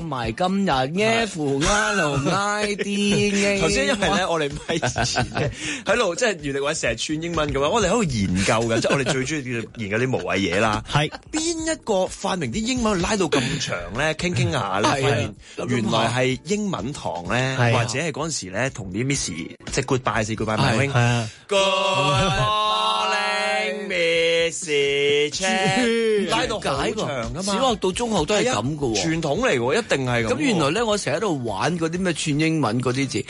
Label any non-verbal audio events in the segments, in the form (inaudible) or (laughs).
埋今日 F I L I D A，頭先因為咧，我哋唔係喺度，即係原力話成日串英文嘅話，我哋喺度研究嘅，即係我哋最中意研究啲無謂嘢啦。係邊一個發明啲英文拉到咁長咧？傾傾下，你、 (laughs) 啊、發現原來係英文堂咧、 (laughs) 啊，或者係嗰陣時咧，同啲 Miss 即係 Goodbye，係 Goodbye，My 斜車，街道好長㗎嘛，小學到中學都係咁㗎喎，傳統嚟喎，一定係咁。咁原來咧，我成日喺度玩嗰啲咩串英文嗰啲字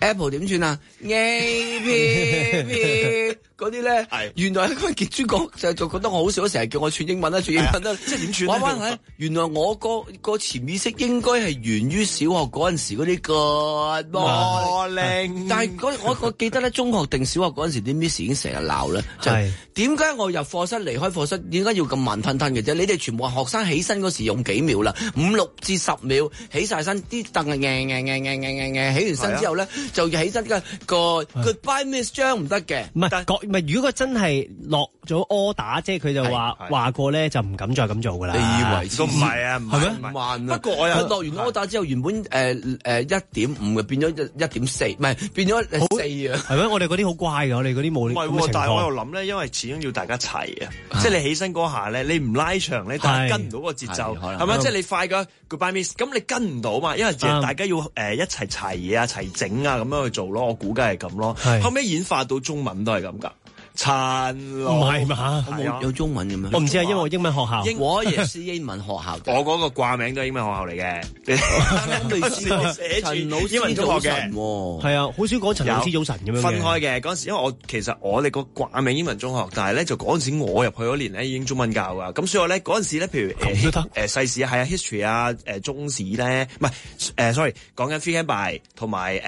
，Apple 點串啊？A (music) (music) 嗰啲咧，原來喺個傑珠講就就覺得我好笑，成日叫我串英文啦，串英文啦，即係點串咧？原來我個個潛意識應該係源於小學嗰陣時嗰啲 Good morning，但係嗰我我記得咧，中學定小學嗰陣時啲 Miss 已經成日鬧咧，就係點解我入課室離開課室點解要咁慢吞吞嘅啫？你哋全部學生起身嗰時用幾秒啦？五六至十秒起曬身，啲噔噔噔噔噔噔噔噔起完身之後咧，就要起身嘅個 goodbye Miss 張唔得嘅，唔係各。唔係，如果佢真係落咗柯打，即係佢就話話過咧，就唔敢再咁做㗎啦。你以為都唔係啊，係、嗯、咩？唔慢啊。不過我又落完柯打之後，原本誒誒一點五嘅變咗一點四，唔係變咗四啊。係咩？我哋嗰啲好乖㗎，我哋嗰啲冇。唔但係我又諗咧，因為始終要大家齊啊，即係你起身嗰下咧，你唔拉長咧，但係跟唔到個節奏，係咪、嗯？即係你快嘅 Goodbye Miss，咁你跟唔到嘛？因為大家要誒、嗯呃、一齊齊嘢啊，一齊整啊，咁樣去做咯。我估計係咁咯。後尾演化到中文都係咁㗎。陳老唔係嘛？有中文咁樣。我唔知啊，因為我英文學校。我，也，校 (laughs) 我也是英文學校。 (laughs) (laughs) (laughs) 我嗰個掛名都係英文學校嚟嘅。但係類似寫住英文中學嘅。係啊，好少講陳老師早晨咁樣嘅。分開嘅嗰陣時，因為我其實我哋個掛名英文中學，但係咧就嗰陣時我入去嗰年咧已經中文教噶。咁所以咧嗰陣時咧，譬如誒，誒、呃，世史係啊，history 啊，誒、呃，中史咧，唔係誒，sorry，講緊 by 同埋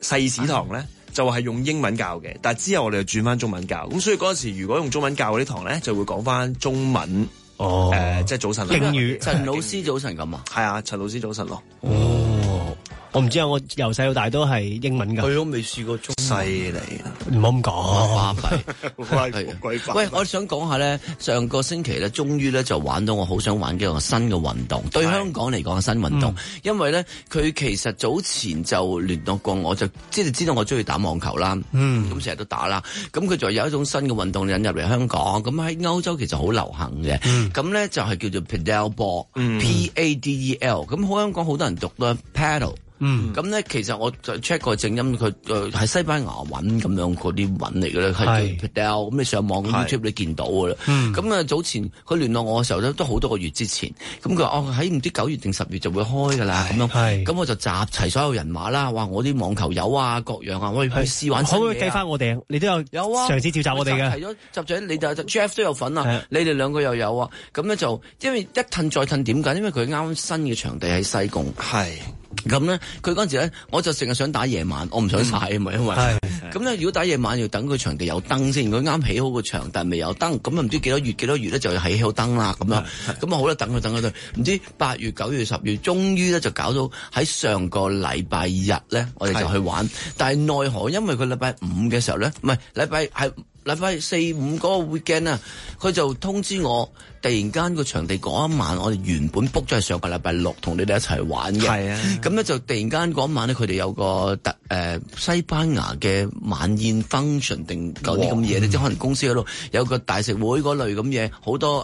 誒，世史堂咧。嗯就係用英文教嘅，但係之後我哋就轉翻中文教，咁所以嗰陣時如果用中文教嗰啲堂咧，就會講翻中文，即、哦、係、呃就係、早晨語，陳老師早晨咁啊，係 (laughs) 啊，陳老師早晨咯。哦我唔知啊！我由細到大都係英文噶，佢都未試過中。犀利，唔好咁講。瓜 (laughs) 費怪，係 (laughs) 啊，鬼廢。喂，我想講下咧，上個星期咧，終於咧就玩到我好想玩嘅一個新嘅運動，對香港嚟講嘅新運動。嗯、因為咧，佢其實早前就聯絡過我，就即係知道我中意打網球啦。嗯。咁成日都打啦。咁佢就有一種新嘅運動引入嚟香港。咁喺歐洲其實好流行嘅。嗯。咁咧就係叫做 pedal ball，P A、嗯、D E L。咁好香港好多人讀多 paddle 嗯，咁咧，其實我就 check 過正音，佢誒喺西班牙搵咁樣嗰啲搵嚟嘅咧，係 Pedal，咁你上網 YouTube 你見到噶啦。咁啊、嗯、早前佢聯絡我嘅時候咧，都好多個月之前，咁佢話哦喺唔知九月定十月就會開噶啦，咁樣，咁我就集齊所有人馬啦，話我啲網球友啊，各樣啊，試啊我去試玩。可唔可以計翻我哋？你都有有啊，嘗試召集我哋嘅。係咗集齊，你就，就 Jeff 都有份啊，啊你哋兩個又有啊。咁咧就因為一褪再褪，點解？因為佢啱新嘅場地喺西貢。係。咁咧，佢嗰陣時咧，我就成日想打夜晚，嗯、我唔想曬啊嘛，因為咁咧，如果打夜晚要等佢場地有燈先，佢啱起好個場，但係未有燈，咁啊唔知幾多月幾多月咧，就要起好燈啦咁樣，咁啊好啦，等佢等佢等，唔知八月九月十月，終於咧就搞到喺上個禮拜日咧，我哋就去玩，但係奈何因為佢禮拜五嘅時候咧，唔係禮拜，係禮拜四五嗰個 weekend 啊，佢就通知我。突然間個場地嗰一晚，我哋原本 book 咗係上個禮拜六同你哋一齊玩嘅。咁咧就突然間嗰晚咧，佢哋有個特西班牙嘅晚宴 function 定嗰啲咁嘢，即係可能公司嗰度有個大食會嗰類咁嘢，好多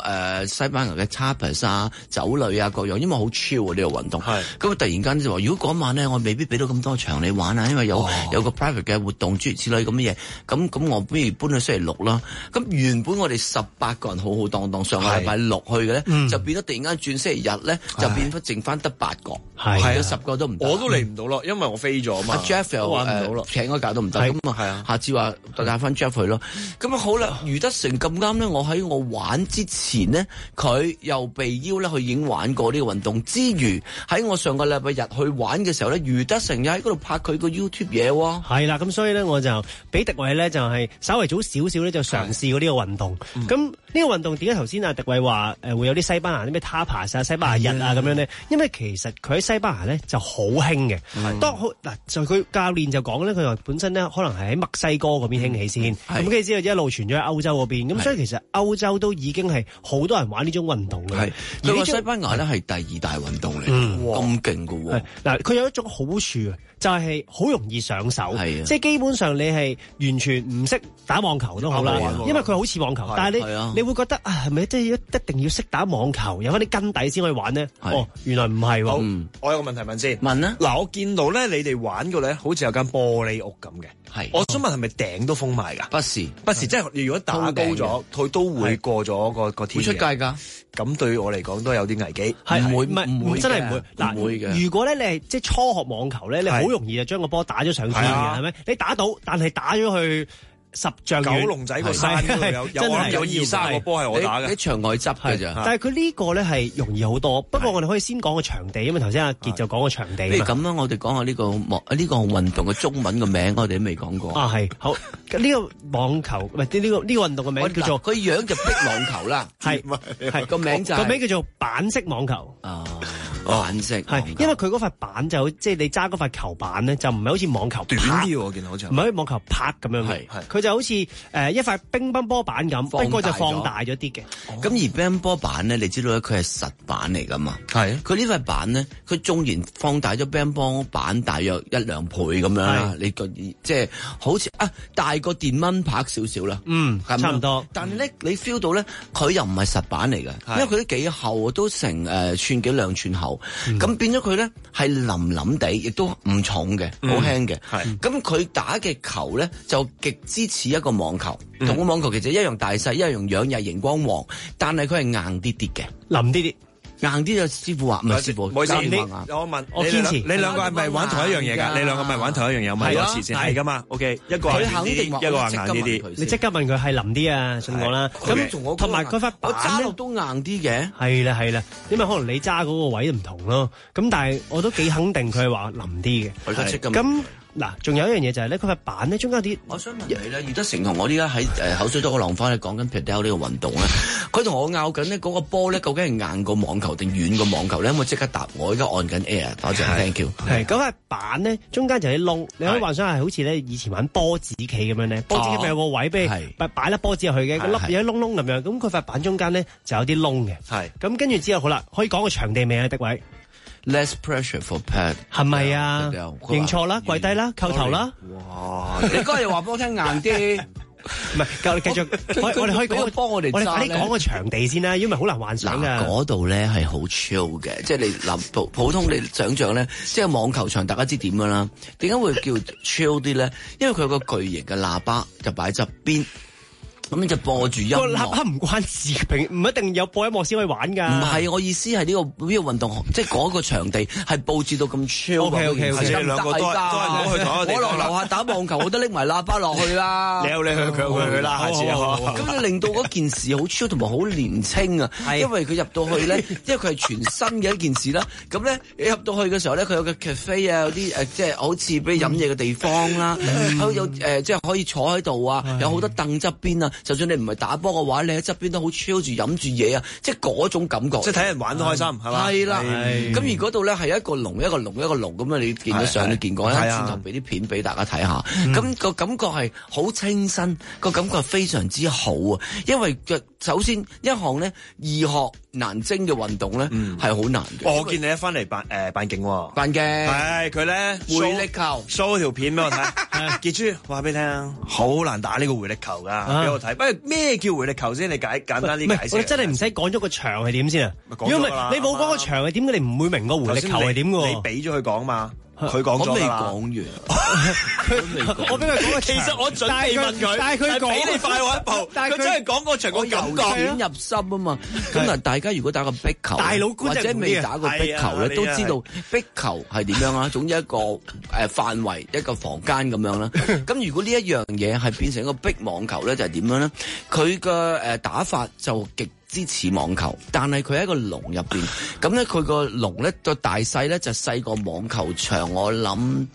西班牙嘅餐 s 啊、酒類啊各樣，因為好超 h 呢個運動。咁、啊、突然間就話，如果嗰晚咧我未必俾到咁多場你玩啊，因為有有個 private 嘅活動之類咁嘅嘢，咁咁我不如搬去星期六啦。咁原本我哋十八個人浩浩蕩蕩上係六去嘅咧、嗯，就變咗突然間轉星期日咧，就變翻剩翻得八個，係有十個都唔。我都嚟唔到咯，因為我飛咗嘛 Jeff 又玩唔到誒、呃、請開假都唔得咁啊，下次話帶翻 Jeff 去咯。咁啊好啦，余德成咁啱咧，我喺我玩之前呢，佢又被邀咧去已經玩過呢個運動之餘，喺我上個禮拜日去玩嘅時候咧，余德成又喺嗰度拍佢個 YouTube 嘢喎。係啦，咁所以咧我就俾迪偉咧就係稍為早少少咧就嘗試過呢個運動。咁呢、嗯、個運動點解頭先啊迪偉？話誒會有啲西班牙啲咩塔帕斯西班牙人啊咁樣咧，因為其實佢喺西班牙咧就好興嘅。當好嗱就佢教練就講咧，佢話本身咧可能係喺墨西哥嗰邊興起先，咁跟住之後一路傳咗去歐洲嗰邊。咁所以其實歐洲都已經係好多人玩呢種運動嘅。是西班牙咧係第二大運動嚟，咁勁嘅喎。嗱，佢有一種好處啊，就係、是、好容易上手，是即係基本上你係完全唔識打網球都好啦，因為佢好似網球，是但係你是你會覺得啊，係咪即係一定要識打網球，有翻啲根底先可以玩咧。哦，原來唔係。好，我有個問題問先。問啦。嗱，我見到咧，你哋玩過咧，好似有間玻璃屋咁嘅。係。我想問係咪頂都封埋噶？不是，不是，即係如果打高咗，佢都會過咗個個天。會出街噶？咁對我嚟講都有啲危機。係，唔會，唔會，真係唔會。嗱，如果咧你係即係初學網球咧，你好容易就將個波打咗上去嘅，係咪？你打到，但係打咗去。十仗九龍仔個山，有真係有二三個波係我打嘅，喺場外執係。但係佢呢個咧係容易好多，不過我哋可以先講個場地，因為頭先阿杰就講個場地。誒，咁啦，我哋講下呢個網，呢個運動嘅中文個名，我哋都未講過。啊，係好，呢個網球唔係呢呢個呢個運動嘅名叫做，佢樣就壁網球啦，係，係個名，個名叫做板式網球。係、哦，因為佢嗰塊板就即係、就是、你揸嗰塊球板咧，就唔係好似網球拍，唔係喺網球拍咁樣嘅，佢就好似誒、呃、一塊乒乓波板咁，不過就放大咗啲嘅。咁、哦、而乒乓波板咧，你知道咧，佢係實板嚟噶嘛？係、啊，佢呢塊板咧，佢縱然放大咗乒乓波板大約一兩倍咁樣啦、啊，你覺即係、就是、好似啊大個電蚊拍少少啦。嗯，咁差唔多。但係咧，你 feel 到咧，佢又唔係實板嚟嘅、啊，因為佢都幾厚，都成誒、呃、寸幾兩寸厚。咁、嗯、變咗佢咧係淋淋地，亦都唔重嘅，好輕嘅。係咁佢打嘅球咧就極之似一個網球，嗯、同個網球其實一樣大細，一,一樣樣又係熒光黃，但係佢係硬啲啲嘅，淋啲啲。硬啲就師傅話唔係師傅，冇事。你有我問，我堅持。你兩個係咪玩同一樣嘢㗎？你兩個咪玩同一樣嘢，問我堅持先係㗎嘛？OK，一個肯定，一個硬啲啲。你即刻問佢係腍啲啊！信我啦。咁同埋嗰塊板咧都硬啲嘅。係啦係啦，因為可能你揸嗰個位唔同咯。咁但係我都幾肯定佢係話腍啲嘅。我即刻問佢。咁。嗱，仲有一樣嘢就係咧，佢塊板咧中間啲，我想問你咧。余德成同我呢家喺誒口水多過浪花咧講緊 Padel 球呢個運動咧，佢同我拗緊呢嗰個波咧，究竟係硬過網球定軟過網球咧？我即刻答，我而家按緊 air，多謝，thank you。係。嗰塊板咧中間就係窿，你可以幻想係好似咧以前玩波子棋咁樣咧，波子棋咪有個位俾你擺粒波子入去嘅，啊、個粒嘢喺窿窿咁樣。咁佢塊板中間咧就有啲窿嘅。係。咁跟住之後好啦，可以講個場地未啊，迪位。Less pressure for pad，係咪啊？認錯啦，跪低啦，叩、嗯、頭啦！哇！你今日話畀我聽硬啲，唔 (laughs) 係，教你繼續。我哋可以幫我哋，我哋快啲講個場地先啦，因為好難幻想啊。嗱，嗰度咧係好 chill 嘅，即係你諗普通，你想象咧，即係網球場，大家知點噶啦？點解會叫 chill 啲咧？因為佢有個巨型嘅喇叭就擺喺側邊。咁你就播住音樂，個喇叭唔關視屏，唔一定有播音樂先可以玩㗎。唔係，我意思係呢、呢個呢個運動，即係嗰個場地係佈置到咁潮 OK OK 兩個都我，我樓樓多多去落樓，樓下打網球，我都拎埋喇叭落去啦。 (laughs) (laughs) 你要去，你去，佢去，去啦，下次好好好好好好好 (laughs) 啊。咁你令到嗰件事好潮，同埋好年青啊。係因為佢入到去咧，因為佢係全新嘅一件事啦。咁咧入到去嘅時候咧，佢有個 cafe 啊，有啲即係好似俾如飲嘢嘅地方啦，有即係可以坐喺度啊，有好多凳側邊啊。呃呃就算你唔係打波嘅話，你喺側邊都好 chill 住飲住嘢啊！即係嗰種感覺。即係睇人玩都開心，係嘛？係啦。咁而嗰度咧係一個龍一個龍一個龍咁樣，你見到相你見過、嗰個，一陣就俾啲片俾大家睇下。咁、嗰個感覺係好清新，個、嗯、感覺係非常之好啊！因為首先一行呢，易學。南的運動呢嗯、是很難精嘅運動咧，係好難。我見你一翻嚟扮誒扮勁喎，扮勁係佢咧回力球，show 條片俾我睇。杰 (laughs) 珠、啊，話俾你聽，好難打呢個回力球噶，俾、啊、我睇。不過咩叫回力球先？你解簡單啲解釋。我真係唔使講咗個場係點先啊。如果唔係你冇講個場係點，你唔會明個回力球係點噶。你俾咗佢講嘛。佢講咗啦，我未講完，其實我準備問佢。但係佢，但係佢過你快我一步。但係佢真係講嗰場，我感覺入心啊嘛。咁嗱，大家如果打過壁球，或者未打過壁球咧，都知道壁球係點樣啊。總之一個誒範圍一個房間咁樣啦。咁如果呢一樣嘢係變成一個壁網球咧，就係點樣咧？佢嘅誒打法就極。支持網球，但係佢喺個籠入面。咁咧佢個籠咧個大細咧就細過網球場，我諗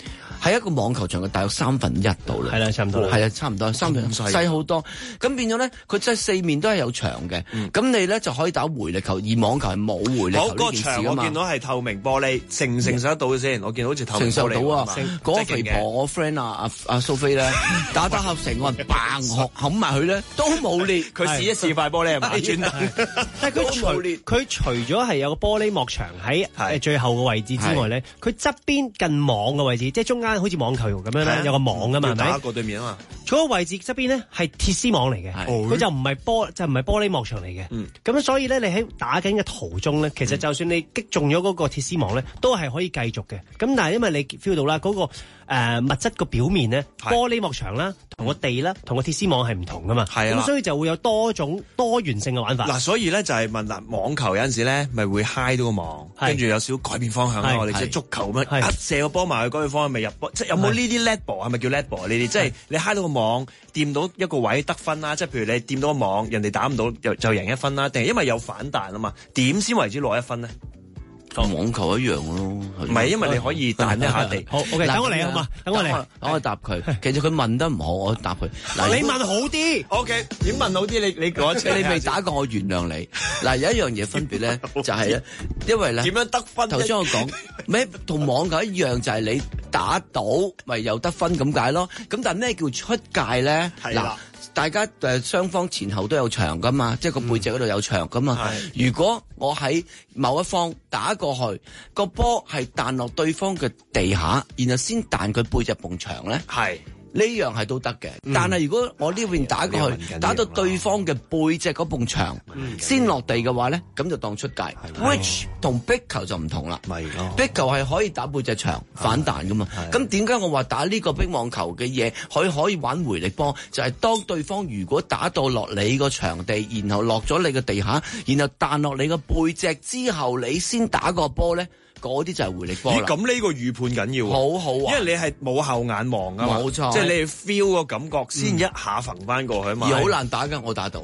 喺一個網球場嘅大約三分一度啦。係啦，差唔多，多，多。係啊，差唔多，三分細好多。咁變咗咧，佢真係四面都係有牆嘅。咁、嗯、你咧就可以打回力球，而網球係冇回力球。那個、場我個牆我見到係透明玻璃，承唔承受得到先、那個？我見到好似承受得到啊。嗰個肥婆，我 friend 阿阿蘇菲咧打，打打合成個人棒，我 (laughs) 學冚埋佢咧都冇裂。佢 (laughs) 試一試塊玻璃，轉 (laughs) (laughs) 但係佢除佢除咗係有個玻璃幕牆喺誒最後嘅位置之外咧，佢側邊近網嘅位置，即、就、係、是、中間好似網球咁樣咧、啊，有個網㗎嘛，係咪？打過對面啊嘛。嗰、那個位置側邊咧係鐵絲網嚟嘅，佢就唔係玻就唔係玻璃幕牆嚟嘅。咁、嗯、所以咧，你喺打緊嘅途中咧，其實就算你擊中咗嗰個鐵絲網咧，都係可以繼續嘅。咁但係因為你 feel 到啦，嗰個。誒、呃、物質個表面咧，玻璃幕牆啦，同個地啦，同個鐵絲網係唔同㗎嘛。啊，咁所以就會有多種多元性嘅玩法。嗱、啊，所以咧就係問嗱，網球有陣時咧，咪會嗨到個網，跟住有少少改變方向啦。我哋即係足球咁樣，壓射個波埋去嗰方向咪入波。即係有冇呢啲 level 啊？係咪叫 level 呢啲？即係你嗨到個網，掂到一個位得分啦。即係譬如你掂到個網，人哋打唔到就贏一分啦。定係因為有反彈啊嘛？點先為之攞一分呢？同網球一樣咯，唔係因為你可以彈一下地。好，OK，等我嚟好嘛，等我嚟，等我答佢。其實佢問得唔好，我答佢。嗱，你問好啲，OK，點問好啲？你你講一聲。你未打過，我原諒你。嗱，有一樣嘢分別咧，就係咧，因為咧點樣得分？頭先我講咩同網球一樣，就係你打到咪有得分咁解咯。咁但係咩叫出界咧？嗱。大家誒，雙方前後都有牆噶嘛，即係個背脊嗰度有牆噶嘛、嗯。如果我喺某一方打過去，個波係彈落對方嘅地下，然後先彈佢背脊埲牆咧。係。呢樣係都得嘅，但係如果我呢邊打過去，嗯、打到對方嘅背脊嗰埲牆的先落地嘅話呢，咁就當出界。which 同壁球就唔同啦，壁球係可以打背脊牆反彈噶嘛。咁點解我話打呢個乒乓球嘅嘢佢可以玩回力波，就係、是、當對方如果打到落你個場地，然後落咗你個地下，然後彈落你個背脊之後，你先打個波呢。嗰啲就係回力波。咦？咁呢個預判緊要好、啊、好啊，因為你係冇後眼望噶嘛，即係、就是、你 feel 個感覺先一下揈返過去啊嘛。好、嗯、難打㗎我打到。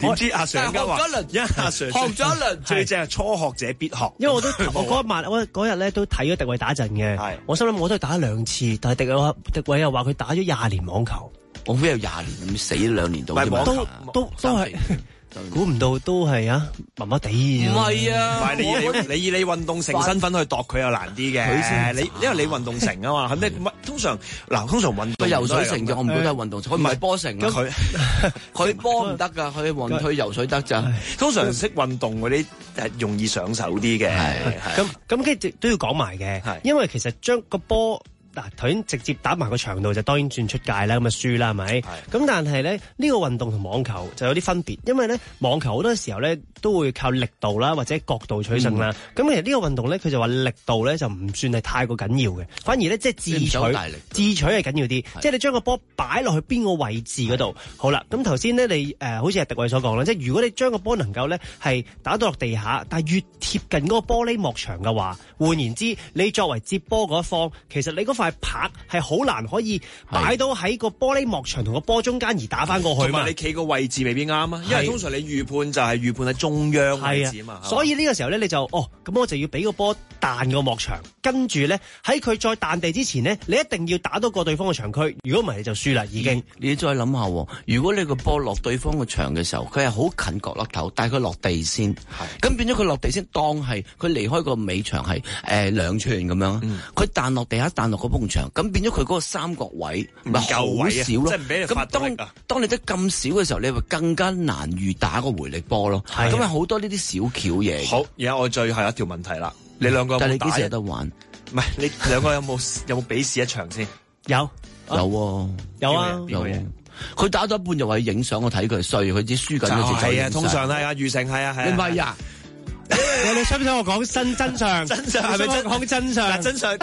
點 (laughs) 知 (laughs) 阿 Sir？我阿 Sir 學咗一輪，阿 Sir 學咗一輪，最正係初學者必學。因為我都為我嗰一晚，我嗰日咧都睇咗迪偉打陣嘅。我心諗我都打兩次，但係迪偉又話佢打咗廿年網球，我邊有廿年，咁死咗兩年到。球，網球啊、都都都係。 (laughs) 估唔到都係啊，麻麻地唔係啊，唔係你你你以你運動成身份去度佢又難啲嘅，你因為你運動成啊嘛，係咪？通常嗱，通常運游水成嘅，我唔覺得係運動成，佢唔係波成嘅，佢佢波唔得噶，佢運佢游水得咋，通常識運動嗰啲係容易上手啲嘅，係咁咁跟住都要講埋嘅，係因為其實將個波。嗱，頭先直接打埋個長度就當然算出界啦，咁就輸啦，係咪？咁但係咧，呢、呢個運動同網球就有啲分別，因為咧網球好多時候咧都會靠力度啦或者角度取勝啦。咁、嗯、其實呢個運動咧，佢就話力度咧就唔算係太過緊要嘅，反而咧即係智取，智取係緊要啲。即係你將個波擺落去邊個位置嗰度、呃？好啦，咁頭先咧你誒好似阿迪偉所講啦，即係如果你將個波能夠咧係打到落地下，但係越貼近嗰個玻璃幕牆嘅話，換言之，你作為接波嗰一方，其實你嗰塊。係拍係好難可以擺到喺個玻璃幕牆同個波中間而打翻過去嘛？你企個位置未必啱啊，因為通常你預判就係、是、預判喺中央位置啊嘛。所以呢個時候咧，你就哦，咁我就要俾個波彈個幕牆，跟住咧喺佢再彈地之前咧，你一定要打到過對方嘅場區，如果唔係你就輸啦已經。嗯、你再諗下，如果你個波落對方嘅場嘅時候，佢係好近角落頭，但係佢落地先，咁變咗佢落地先當係佢離開個尾牆係誒兩寸咁樣，佢、嗯、彈落地一彈落個。場咁變咗佢嗰個三角位咪好少咯，咁當當你得咁少嘅時候，你咪更加難預打個回力波咯。咁啊好多呢啲小巧嘢。好，而家我最後一條問題啦，你兩個有有但你幾時有得玩？唔係你兩個有冇有冇 (laughs) 比試一場先？ (laughs) 有有、啊、有啊，啊有啊。佢打咗一半又話影相，我睇佢衰，佢只輸緊都接唔晒。通常係啊，余成係啊係。你呀、啊？你想唔想我講真真相？真相係咪真講真相？真相，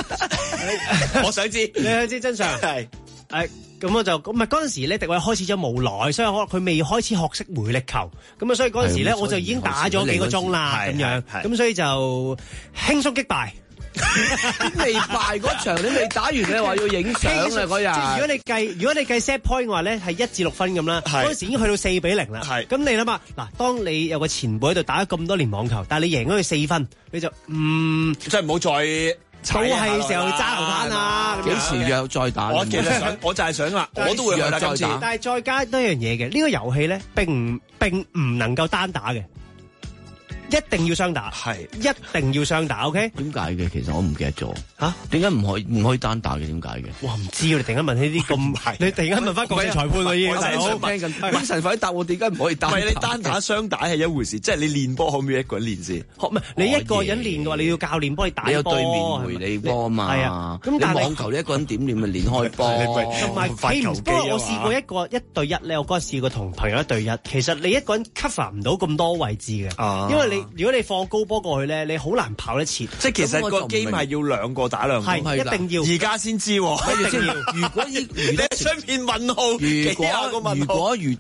我想知，你想知真相係？係咁我就咁咪嗰陣時咧，迪偉開始咗冇耐，所以可能佢未開始學識回力球，咁啊，所以嗰陣時咧，我就已經打咗幾個鐘啦，咁樣，咁所以就輕鬆擊敗。未敗嗰場，你未打完你，話要影相啊！嗰日，如果你計如果你計 set point 嘅話咧，係一至六分咁啦。嗰時已經去到四比零啦。係，咁你諗下，嗱，當你有個前輩喺度打咗咁多年網球，但係你贏咗佢四分，你就唔即係唔好再都係時候去揸球拍啊？幾時約再打？我我就係想啦，我都會約再打。但係再加多一樣嘢嘅，呢個遊戲咧，並並唔能夠單打嘅。一定要雙打，係一定要雙打，OK？點解嘅？其實我唔記得咗。啊，點解唔可唔可以單打嘅？點解嘅？哇，唔知啊！你突然間問呢啲咁，你突然間問翻嗰啲裁判啊，已經啱啱神快啲答我。點解唔可以單打，啊？你單打雙打係一回事，即係你練波可唔可以一個人練先，啊？你一個人練嘅話，你要教練幫你打波。有對面陪你波啊嘛？係啊，咁網球你一個人點練咪練開波？同埋發球機我試過一個一對一咧，我嗰日試過同朋友一對一。其實你一個人 cover 唔到咁多位置嘅，啊，因為你如果你放高波過去咧，你好難跑得切，啊。即係其實個 game 要，要兩個。打量，係一定要，而家先知。如果如果余德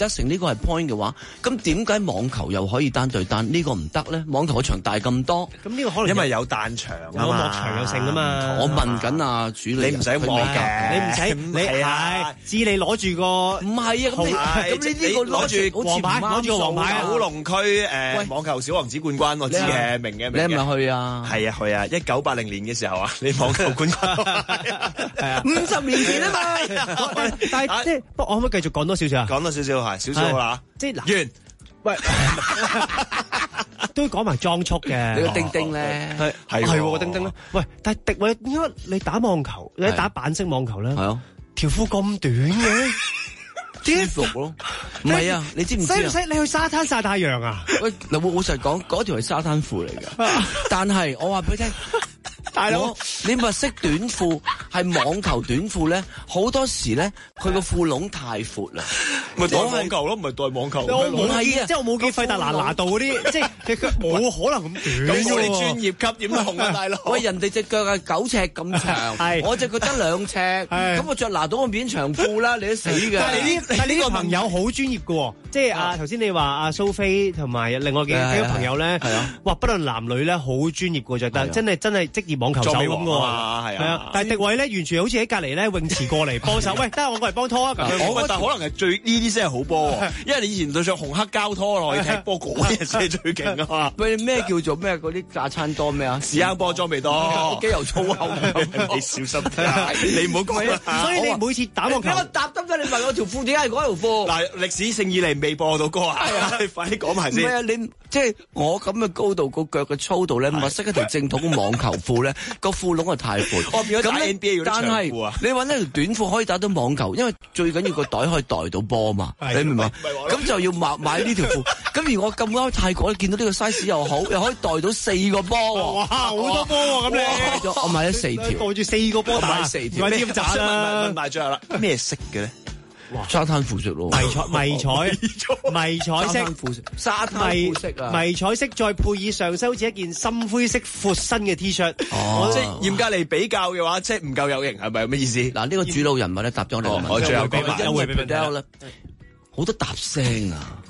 成呢個係 point 嘅話，咁點解網球又可以單對單？呢個唔得咧。網球嗰場大咁多，咁呢個可能因為有彈場，有落場性啊嘛。我問緊啊主理人，你唔使望嘅，你唔使你係知你攞住個，唔係啊，咁呢呢個攞住王牌，攞住個王牌，九龍區誒網球小王子冠軍，我知嘅，明嘅，明嘅。你係咪去啊？係啊，係啊，一九八零年嘅時候啊，你。博物館係啊，五十年前啊嘛，但係即係，不過我可唔可以繼續講多少少啊？講多少少係，少少好啦。即係嗱，喂，都要講埋裝束嘅，你個丁丁咧，係係係個丁丁咧，喂，但係敵喂點解你打網球，你打板式網球咧？係啊，條褲咁短嘅。舒服咯，唔係啊，你知唔知啊？使唔使你去沙灘曬太陽啊？喂，老老實講，嗰條係沙灘褲嚟噶，但係我話俾你聽，大佬，你咪識短褲係網球短褲咧？好多時咧，佢個褲窿太闊啦，咪講網球咯，唔係代網球。我唔係啊，即係我冇見費達拿，但係拿拿到嗰啲，即係冇可能咁短嘅。咁你專業級點行啊，大佬？喂，人哋隻腳係九尺咁長，係，我隻腳得兩尺，咁我着拿到個面長褲啦，你都死噶。但係呢個朋友好專業嘅喎，即、這、係、個就是、啊頭先、啊、你話啊蘇菲同埋另外幾幾個朋友咧，哇，不論男女咧好專業嘅着，得，真係真係職業網球手咁嘅喎，係啊、哦！但係迪位咧完全好似喺隔離咧泳池過嚟幫手，喂，得我過嚟幫拖啊幫！但可能係最呢啲先係好波，因為你以前對上紅黑膠拖咯，要踢波嗰啲先係最勁啊！喂，你咩叫做咩嗰啲炸餐多咩啊？屎坑波，裝備多，啊、機油粗口，你小心，你唔好講，所以你每次打網球，我得你問我條褲喺嗰條褲，嗱歷史性以嚟未播到歌啊！快啲講埋先。唔係啊，你,啊你即係我咁嘅高度，個腳嘅粗度咧，唔適合一條正統嘅網球褲咧。個褲窿啊太闊，我變咗打 NBA 要長褲啊。但但你揾一條短褲可以打到網球，因為最緊要個袋可以袋到波嘛。你明嘛？咁就要買買呢條褲。咁 (laughs) 而我咁啱泰國你見到呢個 size 又好，又可以袋到四個波。哇，好多波咁你。我買咗四條，袋住四個波打。買四條，唔係要集啊！唔唔唔，埋著啦。咩色嘅咧？沙灘褲著咯，迷彩迷彩迷彩色，沙灘褲啊，迷彩色，迷迷彩色再配以上收住一件深灰色闊身嘅 t 恤。哦，即係嚴格嚟比較嘅話，即係唔夠有型，係咪咩意思？嗱，呢、這個主腦人物咧，搭咗我哋嘅，我最後講啦，好多答聲啊！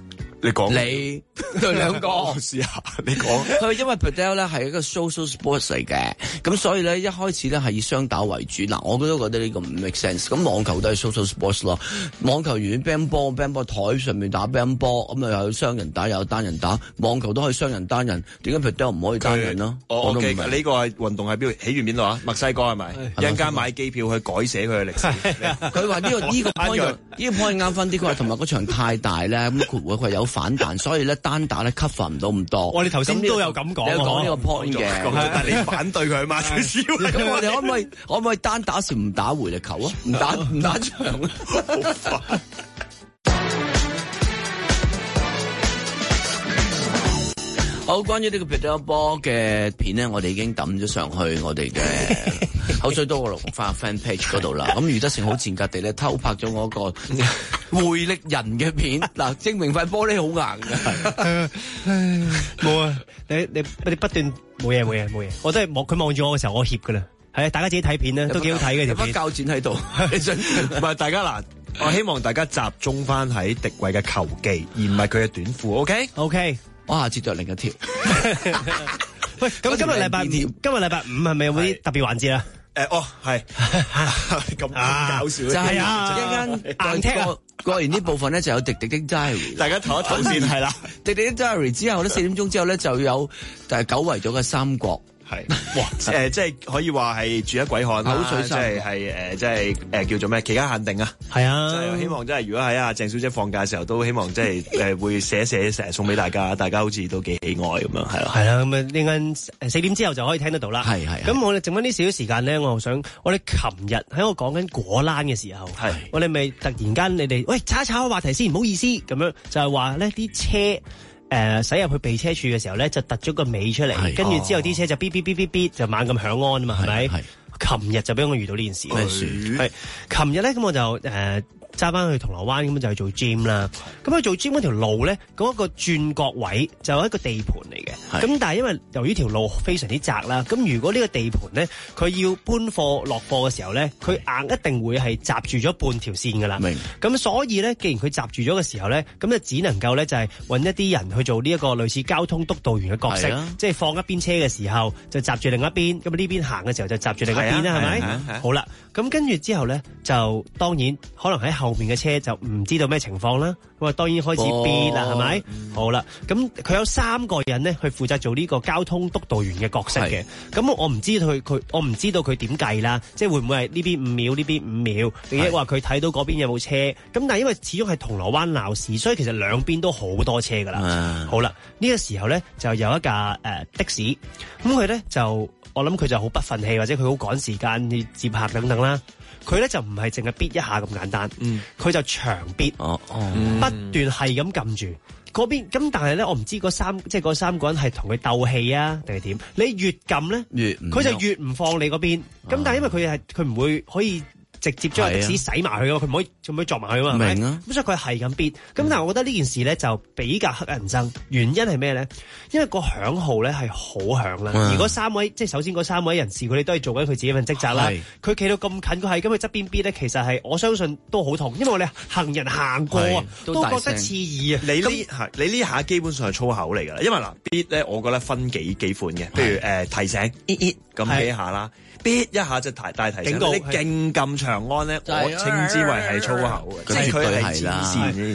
你講你 (laughs) 對兩個我試下，你講係咪因為 padel 咧係一個 social sports 嚟嘅，咁所以咧一開始咧係以雙打為主嗱，我覺得覺得呢個唔 make sense。咁網球都係 social sports 咯，網球員兵波，兵波台上面打兵波，咁又有雙人打又有單人打，網球都可以雙人單人，點解 padel 唔可以單人咯？我都明白。呢、啊 okay，啊、個係運動係邊度起完面度啊？墨西哥係咪一陣間買機票去改寫佢嘅歷史？佢話呢個呢、呢個 point 呢個 point 啱翻啲，佢話同埋嗰場太大咧咁括會佢有。 (laughs) 反彈，所以咧單打咧 cover 唔到咁多。我哋頭先都有咁講，講呢個 point 嘅，但你反對佢嘛？你咁 (laughs) 我哋可唔可以？ (laughs) 可唔可以單打時唔打回力球啊？唔打唔打場啊？ (laughs) (laughs) 好煩。好、哦，關於呢個彼得波嘅片咧，我哋已經抌咗上去我哋嘅口水多過龍發 fan page 嗰度啦。咁 (laughs) 余德成好善格地咧偷拍咗我個會力人嘅片，嗱、 (laughs) 啊、證明塊玻璃好硬噶。冇 (laughs) 啊， (laughs) 你你你不斷冇嘢冇嘢冇嘢，我都係望佢望住我嘅時候，我怯噶啦。係啊，大家自己睇片咧，都幾好睇嘅條片。膠剪喺度，唔 (laughs) 係大家嗱， (laughs) 我希望大家集中翻喺迪偉嘅球技，而唔係佢嘅短褲。OK，OK、okay? okay。哇！接著另一條， (laughs) 喂，咁今日禮拜五，今日禮拜五係咪有冇啲特別環節啊？誒、呃，哦，係咁 (laughs) 搞笑，就係啊，就是哎、呀，一陣間過完呢部分咧，就有滴滴的 diary，大家唞一唞先係啦。 (laughs) 對了 (laughs) 滴滴的 diary 之後咧，四點鐘之後咧就有誒久違咗嘅《三國》。哇！誒，即係可以話係住喺鬼看，即係係誒，即係誒，叫做咩？期間限定啊，係啊！即係、希望即、就、係、係，如果喺阿鄭小姐放假嘅時候，都希望即係誒，會寫寫成日送俾大家，大家好似都幾喜愛咁樣，係啦，係啦。咁啊，陣間、啊、四點之後就可以聽得到啦。係係、啊。咁、啊、我哋剩翻啲少少時間咧，我仲想，我哋琴日喺我講緊果欄嘅時候，啊、我哋咪突然間，你哋喂，炒一炒個話題先，唔好意思，咁樣就係話呢啲車。誒、呃，駛入去避車處嘅時候咧，就突咗個尾出嚟，跟住之後啲車就嗶嗶嗶嗶嗶，就猛咁響安啊嘛，係咪？係，琴日就俾我遇到呢件事。係，琴日咧咁我就誒。呃揸翻去銅鑼灣咁就去做 gym 啦。咁去做 gym 嗰條路咧，嗰、那、一個轉角位就係一個地盤嚟嘅。咁但係因為由於條路非常之窄啦，咁如果呢個地盤咧，佢要搬貨落貨嘅時候咧，佢硬一定會係擋住閘住咗半條線㗎啦。明。咁所以咧，既然佢閘住咗嘅時候咧，咁就只能夠咧就係揾一啲人去做呢一個類似交通督導員嘅角色，啊、即係放一邊車嘅時候就閘住另一邊，咁呢邊行嘅時候就閘住另一邊啦，係咪、啊啊啊？好啦，咁跟住之後咧，就當然可能喺。後面嘅車就唔知道咩情況啦，咁啊當然開始變啦，係、哦、咪？好啦，咁佢有三個人咧去負責做呢個交通督導員嘅角色嘅，咁我唔知道佢，佢我唔知道佢點計啦，即係會唔會係呢邊五秒呢邊五秒，亦話佢睇到嗰邊有冇車？咁但係因為始終係銅鑼灣鬧市，所以其實兩邊都好多車噶啦、嗯。好啦，呢、這個時候咧就有一架誒、呃、的士，咁佢咧就我諗佢就好不忿氣，或者佢好趕時間接客等等啦。佢咧就唔係淨係搣一下咁簡單，佢、嗯、就長搣、嗯、不斷係咁撳住嗰邊。咁但係咧，我唔知嗰三即係嗰三個人係同佢鬥氣啊，定係點？你越撳咧，越佢就越唔放你嗰邊。咁但係因為佢係佢唔會可以。直接將個紙洗埋佢嘅，佢唔、啊、可以，唔可以撞埋佢嘛，係咪啊？咁所以佢係咁必。咁但係我覺得呢件事咧就比較黑人憎，原因係咩咧？因為個響號咧係好響啦，啊、而嗰三位即係首先嗰三位人士佢哋都係做緊佢自己份職責啦。佢企、啊、到咁近，佢係咁去側邊必咧，其實係我相信都好痛，因為我哋行人行過啊，都覺得刺耳啊。你呢？你呢下基本上係粗口嚟㗎啦，因為嗱，咇咧我覺得分幾幾款嘅，譬如誒提醒，咁一、啊、下啦。必一下就提大提醒，你勁咁長安咧，我稱之為係粗口，即係佢係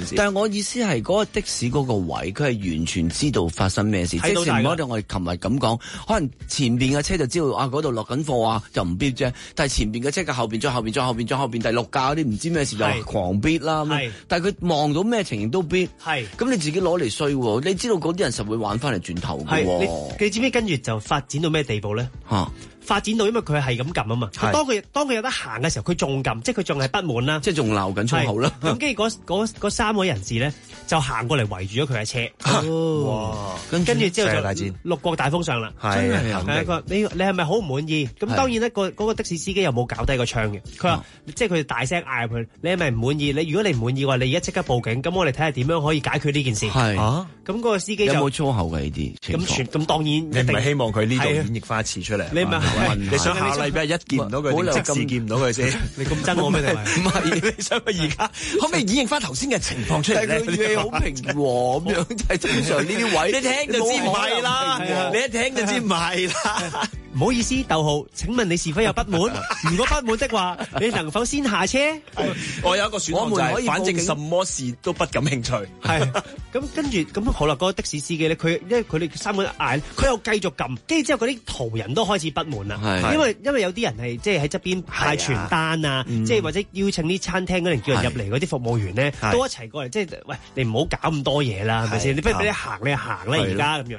底，但係我意思係嗰、嗰個的士嗰個位，佢係完全知道發生咩事，即係，唔對我哋琴日咁講。可能前邊嘅車就知道啊，嗰度落緊貨啊，就唔必啫。但係前邊嘅車嘅後邊，再後邊，再後邊，再後邊第六架嗰啲唔知咩事又狂必啦。但係佢望到咩情形都必。係咁你自己攞嚟衰。你知道嗰啲人實會玩翻嚟轉頭嘅。喎。你，你你知唔知跟住就發展到咩地步咧？吓！發展到，因為佢係咁撳啊嘛。當佢當佢有得行嘅時候，佢仲撳，即係佢仲係不滿啦。即係仲鬧緊粗口啦。咁跟住嗰三位人士咧，就行過嚟圍住咗佢嘅車。啊哦、跟住之後就六國大封上啦。你係咪好唔滿意？咁當然一、嗰個嗰個的士司機又冇搞低個窗嘅。佢話、嗯、即係佢大聲嗌佢：你係咪唔滿意？你如果你唔滿意嘅話，你而家即刻報警。咁我哋睇下點樣可以解決呢件事。咁嗰個司機就有冇粗口嘅呢啲咁全當然你唔係希望佢呢度演繹翻一次出嚟。 (laughs) 你，你，你想下例俾人一見唔到佢，好即時咁見唔到佢先。你咁憎我咩？唔係你想佢而家可唔可以演繹翻頭先嘅情況出嚟咧？好平和咁樣，就 (laughs) 係 (laughs) 通常呢啲位。你聽就知唔係啦，你一聽就知唔係啦。唔好意思，逗號。請問你是否有不滿？ (laughs) 如果不滿的話，你能否先下車？ (laughs) (laughs) 我有一個選項就係、是，反正什麼事都不感興趣。係咁跟住咁好啦。嗰、那個、的士司機咧，佢因為佢哋三個嗌，佢又繼續撳。跟住之後，嗰啲途人都開始不滿啦。因為因為有啲人係即係喺側邊派傳單啊，即係、啊嗯、或者邀請啲餐廳嗰啲叫人入嚟嗰啲服務員咧，都一齊過嚟。即、就、係、是、喂，你唔好搞咁多嘢啦，係咪先？你不如俾、嗯、你行，你行啦。而家咁樣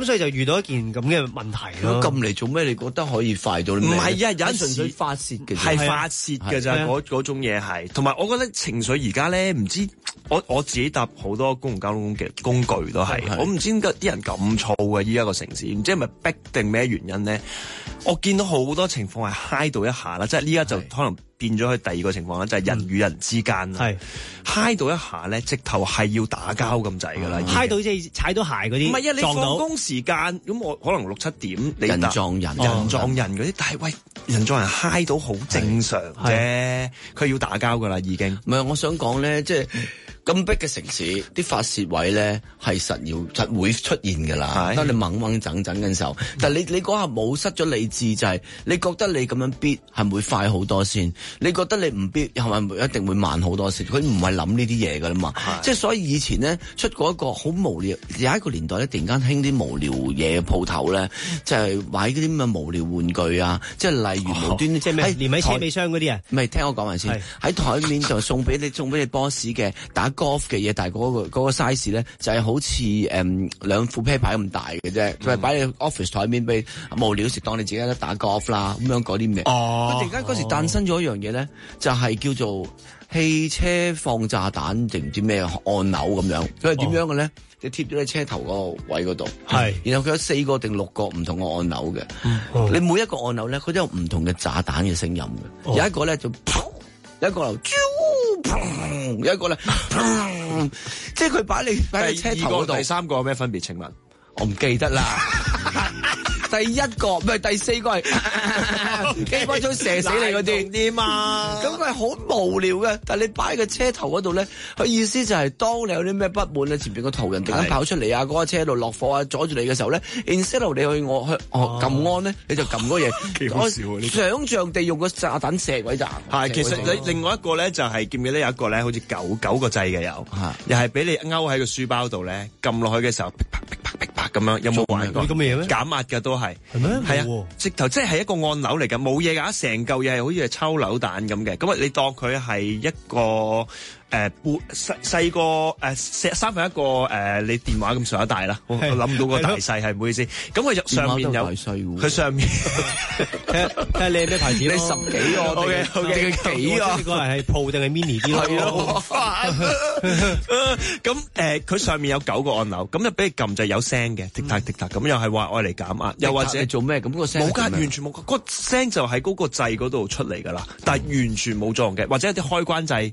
咁，所以就遇到一件咁嘅問題。撳嚟做咩？即你覺得可以快到？唔係啊，有啲純粹發泄嘅，係發泄嘅咋，嗰嗰種嘢係。同埋、啊、我覺得情緒而家咧，唔知我我自己搭好多公共交通嘅工具都係、啊，我唔知點解啲人咁燥嘅，依家個、啊、城市，唔知係咪逼定咩原因咧？我見到好多情況係嗨到一下啦，即係依家就可能。變咗佢第二個情況咧，就係、是、人與人之間啦，嗨到一下咧，直頭係要打交咁滯噶啦。嗨、嗯、到即係踩到鞋嗰啲，唔係啊！你放工時間咁，我可能六七點你，人撞人，哦、人撞人嗰啲。但係喂，人撞人嗨到好正常啫，佢要打交噶啦，已經。唔係，我想講咧，即係。咁逼嘅城市，啲發洩位咧係實要實會出現㗎啦。當你掹掹整整嘅時候，但係你你嗰下冇失咗理智就係、是、你覺得你咁樣必係會快好多先，你覺得你唔必係咪一定會慢好多時，佢唔係諗呢啲嘢㗎嘛。即係所以以前咧出過一個好無聊有一個年代咧，突然間興啲無聊嘢鋪頭咧，就係、是、買啲咁嘅無聊玩具啊，即係例如無端即係咩連喺車尾箱啲啊？唔係聽我講埋先，喺台面上送俾你 (laughs) 送俾你，你 boss 嘅打。Golf 嘅嘢，但係嗰、那個、那個 size 咧，就係、是、好似誒兩副啤牌咁大嘅啫，佢係擺喺 office 台面給，俾無聊時當你自己喺度打 Golf 啦，咁樣嗰啲嘢。哦，啊、突然間嗰時誕生咗一樣嘢咧，就係、是、叫做汽車放炸彈定唔知咩按鈕咁樣。佢係點樣嘅咧？就貼咗喺車頭個位嗰度，係。然後佢有四個定六個唔同嘅按鈕嘅、嗯啊。你每一個按鈕咧，佢都有唔同嘅炸彈嘅聲音嘅、啊。有一個咧就，有一個就。有一個啦，即係佢擺你擺喺 (laughs) 車頭度。第三個，個有咩分別？請問，我唔記得啦。 (laughs) 第一個唔係第四個係，機關槍射死你嗰段啲啊？咁佢係好無聊嘅，但係你擺喺個車頭嗰度咧，佢、那個、意思就係、是、當你有啲咩不滿咧，前邊個途人突然間跑出嚟啊，嗰、那個車度落貨啊，阻住你嘅時候咧 i n s a l l 你去我去我撳安咧，你就撳嗰嘢。我、這個、想象地用個炸彈、射鬼彈。係，其實你另外一個咧就係記唔記得有一個咧好似九九個掣嘅又，又係俾你勾喺個書包度咧，撳落去嘅時候。啪啪啪，啪，啪，啪，啪，啪。咁樣有冇玩過咁嘅嘢咧？減壓嘅都係，係咩？係啊，啊直頭即係一個按鈕嚟㗎，冇嘢㗎，成嚿嘢係好似抽扭蛋咁嘅，咁啊你當佢係一個。誒半細細個三分一個誒、呃、你電話咁上一大啦，我諗唔到個大細，係唔好意思。咁佢上面有佢上面 (laughs) (laughs) 你係咩牌子咯？你十幾個定、啊 (laughs) okay, okay、幾個、啊？ (laughs) 個係鋪定係 mini 啲咁誒佢上面有九個按鈕咁就俾你撳就有聲嘅，滴答滴答咁，又係話愛嚟減壓，又或者係做咩咁個聲？冇噶，完全冇個聲就喺嗰個掣嗰度出嚟噶啦，但係完全冇作用嘅，或者有啲開關掣。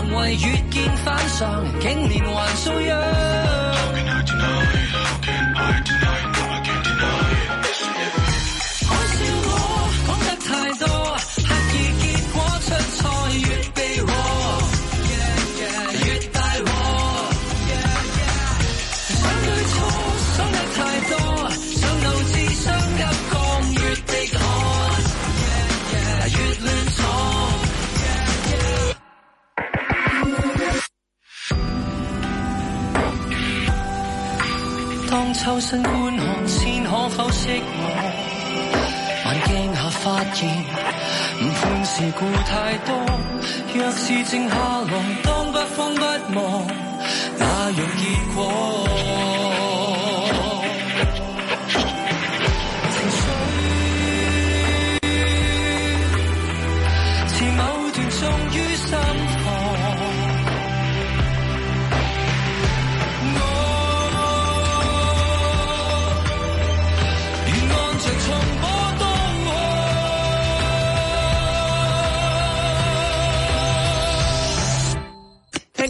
行為越見反常，竟連還搔癢。抽身觀看，先可否識我？眼鏡下發現，誤判事故太多。若是靜下來，當不慌不忙，哪樣結果？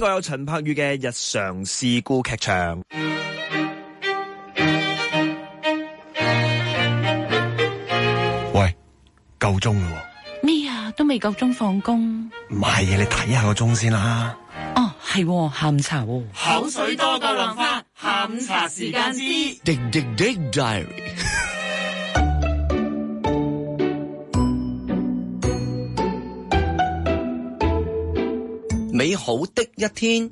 都有陳柏宇嘅日常事故劇場。喂，夠鐘喎？咩啊，都未夠鐘放工。唔係嘅，你睇下個鐘先啦。哦，係喎，哦，下午茶喎，哦。口水多過浪花，下午茶時間至。Dig dig dig diary 好的一天，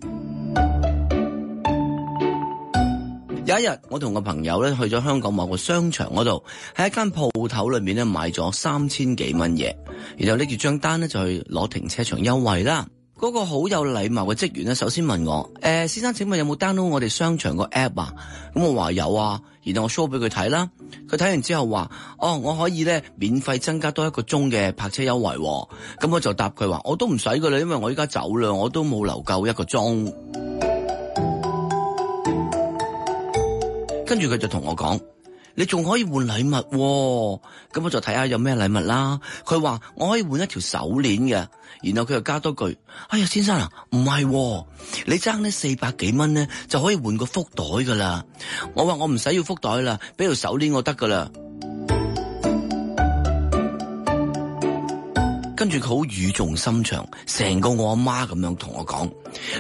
有一日我同個朋友咧去咗香港某個商場嗰度，喺一間鋪頭裏面咧買咗三千幾蚊嘢，然後拎住張單咧就去攞停車場優惠啦。嗰個好有禮貌嘅職員咧，首先問我：欸，先生請問有冇 download 我哋商場個 app 啊？咁我話有啊，然後我 show 俾佢睇啦。佢睇完之後話：哦，我可以咧免費增加多一個鐘嘅泊車優惠喎。咁我就答佢話：我都唔使噶啦，因為我依家走啦，我都冇留夠一個鐘。跟住佢就同我講。你仲可以換禮物喎，咁我就睇下有咩禮物啦。佢話我可以換一條手鏈嘅，然後佢又加多句：，哎呀，先生啊，唔係喎，你爭呢四百幾蚊呢就可以換個福袋噶啦。我話我唔使要福袋啦，俾條手鏈我得噶啦。跟住佢好語重心長，成個我阿媽咁樣同我講：，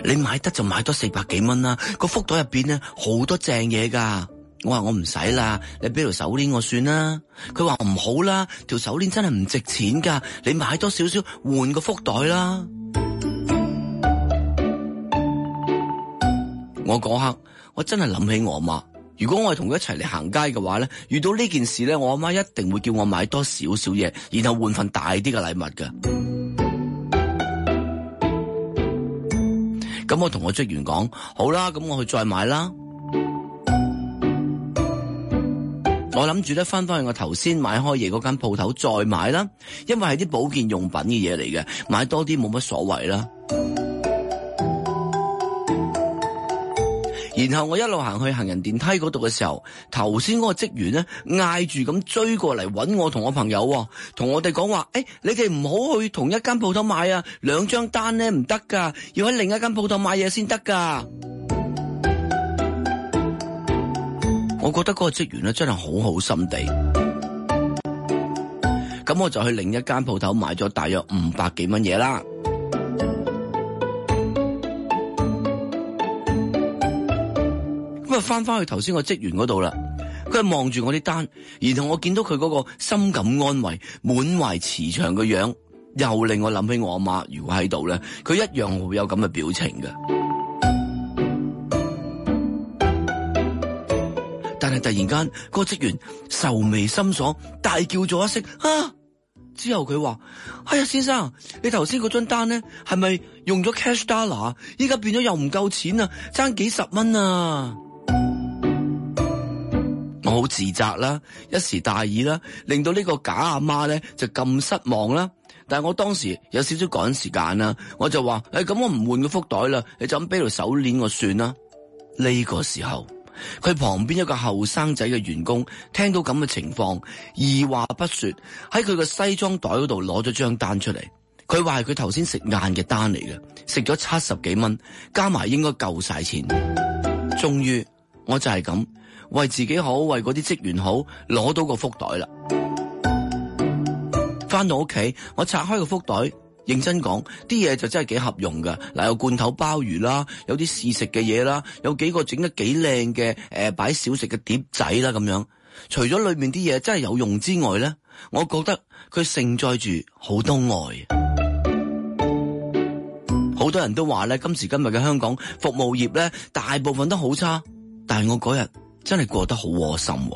你買得就買多四百幾蚊啦，個福袋入邊呢好多正嘢噶。我話我唔使啦，你俾條手鏈我算啦。佢話唔好啦，條手鏈真係唔值錢噶，你買多少少換個福袋啦。 (music) 我嗰刻我真係諗起我阿媽，如果我係同佢一齊嚟行街嘅話咧，遇到呢件事咧，我阿媽一定會叫我買多少少嘢，然後換份大啲嘅禮物噶。咁 (music) 我同我職員講，好啦，咁我去再買啦。我諗住咧翻翻去我頭先買開嘢嗰間鋪頭再買啦，因為係啲保健用品嘅嘢嚟嘅，買多啲冇乜所謂啦。然後我一路行去行人電梯嗰度嘅時候，頭先嗰個職員咧嗌住咁追過嚟搵我同我朋友，同我哋講話，誒、哎，你哋唔好去同一間鋪頭買啊，兩張單咧唔得噶，要喺另一間鋪頭買嘢先得噶我覺得嗰個職員咧真係好好心地，咁我就去另一間鋪頭買咗大約五百幾蚊嘢啦。咁啊翻翻去頭先個職員嗰度啦，佢係望住我啲單，然後我見到佢嗰個心感安慰、滿懷慈祥嘅樣，又令我諗起我阿媽如果喺度咧，佢一樣會有咁嘅表情嘅。但係突然間，個職員愁眉深鎖，大叫咗一聲啊！之後佢話：哎呀，先生，你頭先嗰張單咧，係咪用咗 cash dollar？依家變咗又唔夠錢啊，爭幾十蚊啊！ (music) 我好自責啦，一時大意啦，令到呢個假阿媽咧就咁失望啦。但係我當時有少少趕時間啦，我就話：誒、哎，咁我唔換個福袋啦，你就咁俾條手鏈我算啦。呢、這個時候。佢旁邊一個後生仔嘅員工聽到咁嘅情況，二話不說喺佢個西裝袋嗰度攞咗張單出嚟，佢話係佢頭先食晏嘅單嚟嘅，食咗七十幾蚊，加埋應該夠晒錢。終於，我就係咁為自己好，為嗰啲職員好，攞到個福袋啦。翻到屋企，我拆開個福袋。認真講，啲嘢就真係幾合用噶。嗱，有罐頭鮑魚啦，有啲試食嘅嘢啦，有幾個整得幾靚嘅，誒、呃，擺小食嘅碟仔啦，咁樣。除咗裏面啲嘢真係有用之外咧，我覺得佢盛載住好多愛。好 (music) 多人都話咧，今時今日嘅香港服務業咧，大部分都好差。但係我嗰日真係過得好窩心。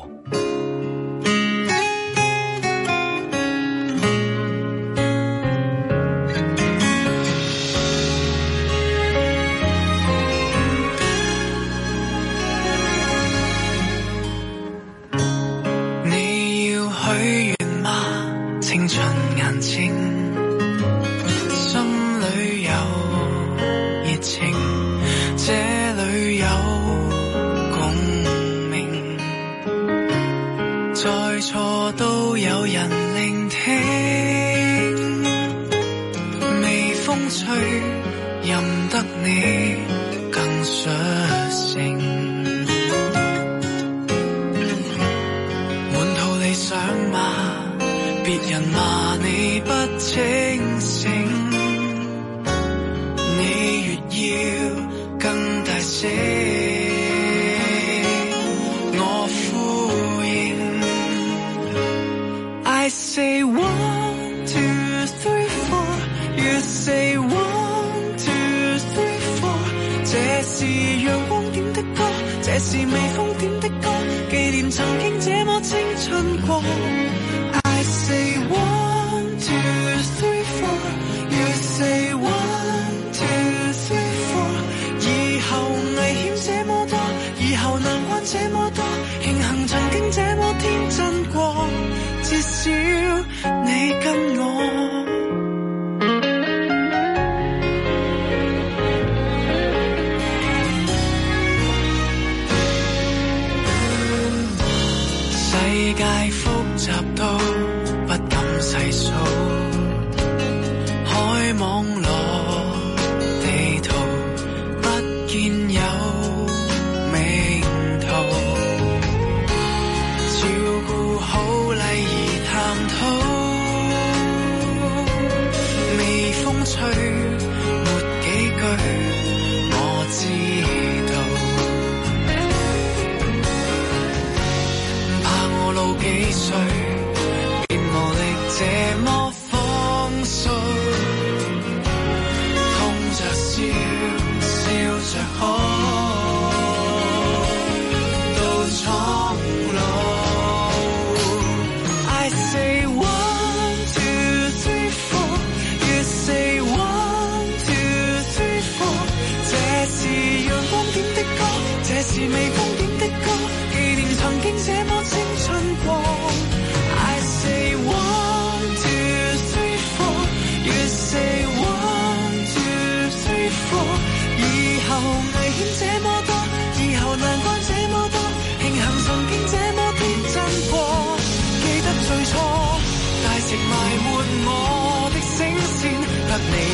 是未封頂的歌，紀念曾經這麼青春過。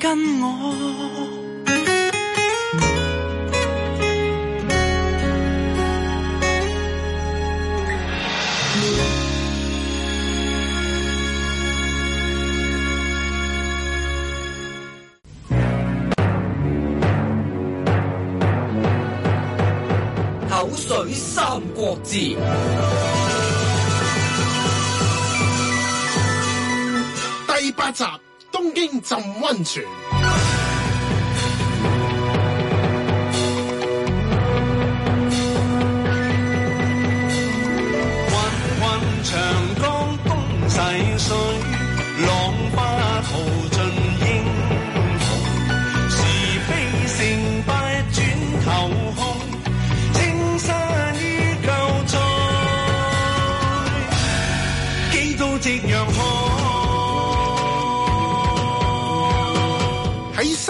跟我口水三國志第八集。東京浸溫泉。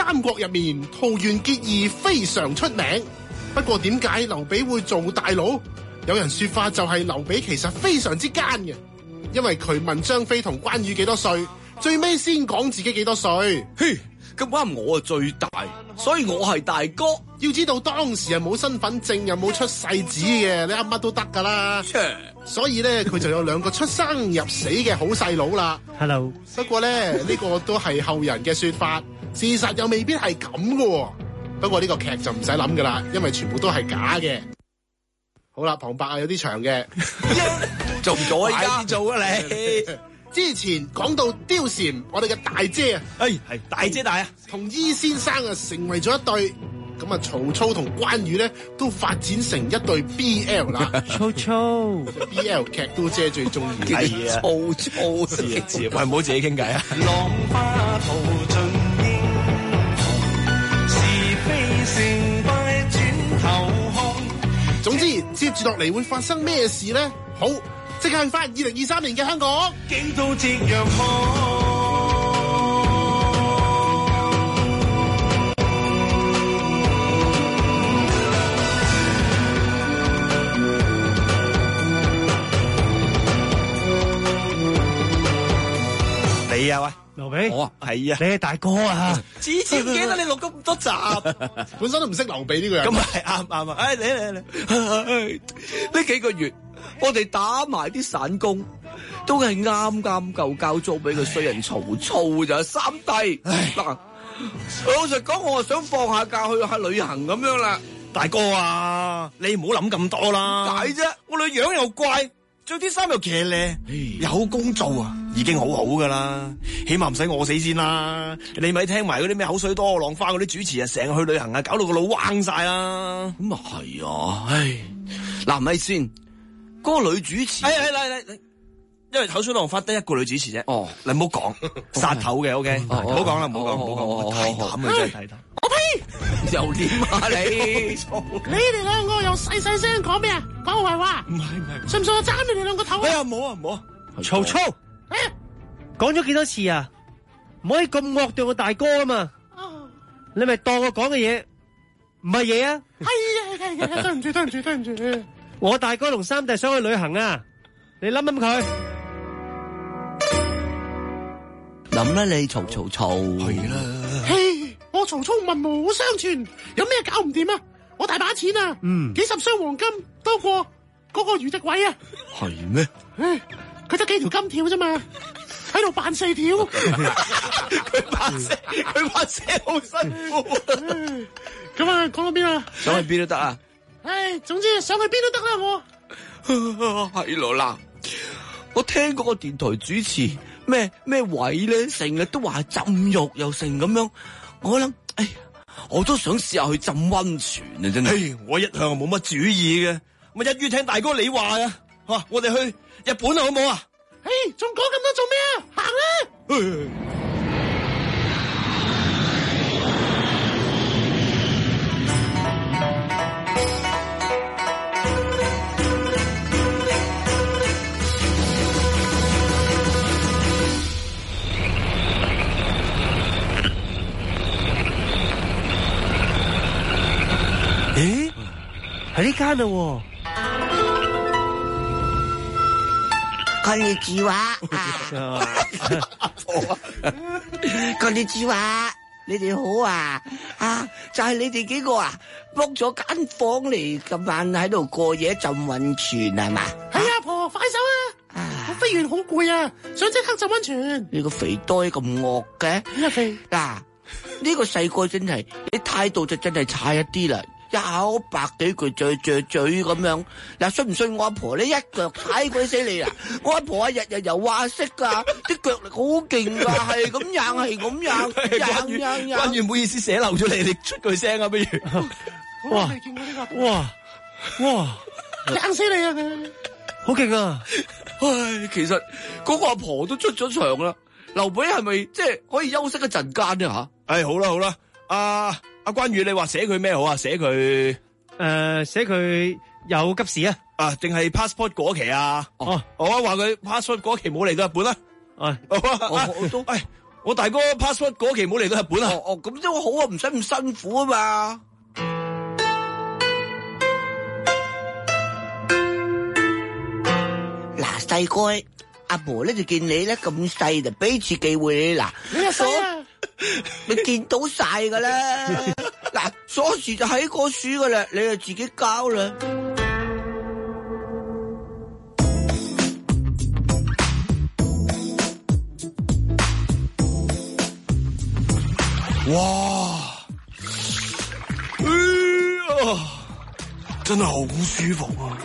三國入面桃園結義非常出名，不過點解劉備會做大佬？有人說法就係劉備其實非常之奸嘅，因為佢問張飛同關羽幾多歲，最尾先講自己幾多歲。哼，咁話我啊最大，所以我係大哥。要知道當時係冇身份證，又冇出世紙嘅，你啱乜都得㗎啦。Yeah. 所以咧，佢就有兩個出生入死嘅好細佬啦。Hello，不過咧呢，呢個都係後人嘅說法。事實又未必係咁喎。不過呢個劇就唔使諗㗎啦，因為全部都係假嘅。好啦，旁白 (laughs) 啊，有啲長嘅，做唔到啊？依家做啊你！之前講到貂蟬，我哋嘅大姐啊，係、欸、大姐大啊，同伊先生啊成為咗一對。咁啊，曹操同關羽咧都發展成一對 BL 啦。曹操 (laughs) BL 劇都姐最中意，係 (laughs) 啊！曹操知啊 (laughs) 喂，唔好自己傾偈啊！ (laughs) 浪花成敗轉頭看，總之，接住落嚟會發生咩事呢？好，即刻去返二零二三年嘅香港。你有啊？我啊，係啊，你係大哥啊！之前唔記得你錄咗咁多集，本身都唔識劉備呢個人。咁係啱啱啊！嚟嚟嚟，呢幾個月我哋打埋啲散工，都係啱啱夠交租俾個衰人曹操咋，三弟。嗱，老實講，我啊想放下假去下旅行咁樣啦。大哥啊，你唔好諗咁多啦。解啫，我哋樣又怪，着啲衫又騎呢，有工做啊！已經好好噶啦，起碼唔使餓死先啦。你咪聽埋嗰啲咩口水多浪花嗰啲主持啊，成日去旅行啊，搞到個腦彎晒啦。咁啊係啊，嗱，咪先，嗰個女主持係係係係，因為口水浪花得一個女主持啫。哦，你唔好講殺頭嘅，O K，唔好講啦，唔好講，唔好講，太膽嘅真係我呸！又點啊 (laughs) 你！你哋兩個又細細聲講咩啊？講壞話？唔係唔係，信唔信我斬你哋兩個頭啊？哎呀，唔好啊唔好，曹操。講咗幾多次啊！唔可以咁惡對我大哥啊嘛！你咪當我講嘅嘢唔係嘢啊！係嘅，係對唔住，對唔住，對唔住！我大哥同三弟想去旅行啊！你諗諗佢諗啦，你嘈嘈嘈係啦！嘿，我曹操文武雙全，有咩搞唔掂啊？我大把錢啊！嗯，幾十箱黃金多過嗰個余敵位啊！係咩？佢得幾條金條啫嘛，喺度扮四條，佢扮聲，佢把聲好辛苦。咁 (laughs) (laughs) 啊，講到邊啊？想去邊都得啊！唉，總之想去邊都得，啊 (laughs) 啊、啦，我係羅南，我聽嗰個電台主持咩咩位咧，成日都話浸浴又成咁樣，我諗，哎呀，我都想試下去浸溫泉啊！真係，我一向冇乜主意嘅，咪一於聽大哥你話啊！吓、啊，我哋去。日本好唔好？hey，啊？嘿、哎，仲講咁多做咩啊？行啊！誒，喺呢間喎。佢哋住話，阿、啊、婆，佢哋住話，你哋好啊，啊，就係、是、你哋幾個啊，卜咗間房嚟，今晚喺度過夜浸溫泉係嘛？係阿、啊、婆、啊、快手啊，啊，我飛完好攰啊，想即刻浸溫泉。你個肥呆咁惡嘅，啊，呢、啊呢個細個真係，你態度就真係差一啲啦。一口白幾佢嘴嘴嘴咁樣，嗱，信唔信我阿婆呢，一腳踩鬼死你啊！ (laughs) 我阿婆啊日日又話識噶，啲腳力好勁噶，係 (laughs) 咁樣，係咁樣，硬硬硬，不如唔好意思寫漏咗你，你出句聲啊不如 (laughs) 哇。哇！哇哇，硬 (laughs) 死你啊佢，好 (laughs) 勁害啊！ (laughs) 唉，其實嗰個阿婆都出咗場啦。劉備係咪即係可以休息一陣間呀？吓？唉，好啦好啦，啊。阿關羽，你話寫佢咩好啊？寫佢誒，寫佢有急事啊！啊，定係 passport 過期啊？哦，我話佢 passport 過期冇嚟到日本啦。誒，我大哥 passport 過期冇嚟到日本啦。哦哦，咁都好啊，唔使咁辛苦啊嘛。嗱細個阿婆咧就見你咧咁細就俾次機會你嗱。你阿嫂。 (laughs) 你見到晒噶啦，嗱 (laughs) 鎖匙就喺個書噶啦，你就自己交啦。哇，呃啊、真係好舒服啊！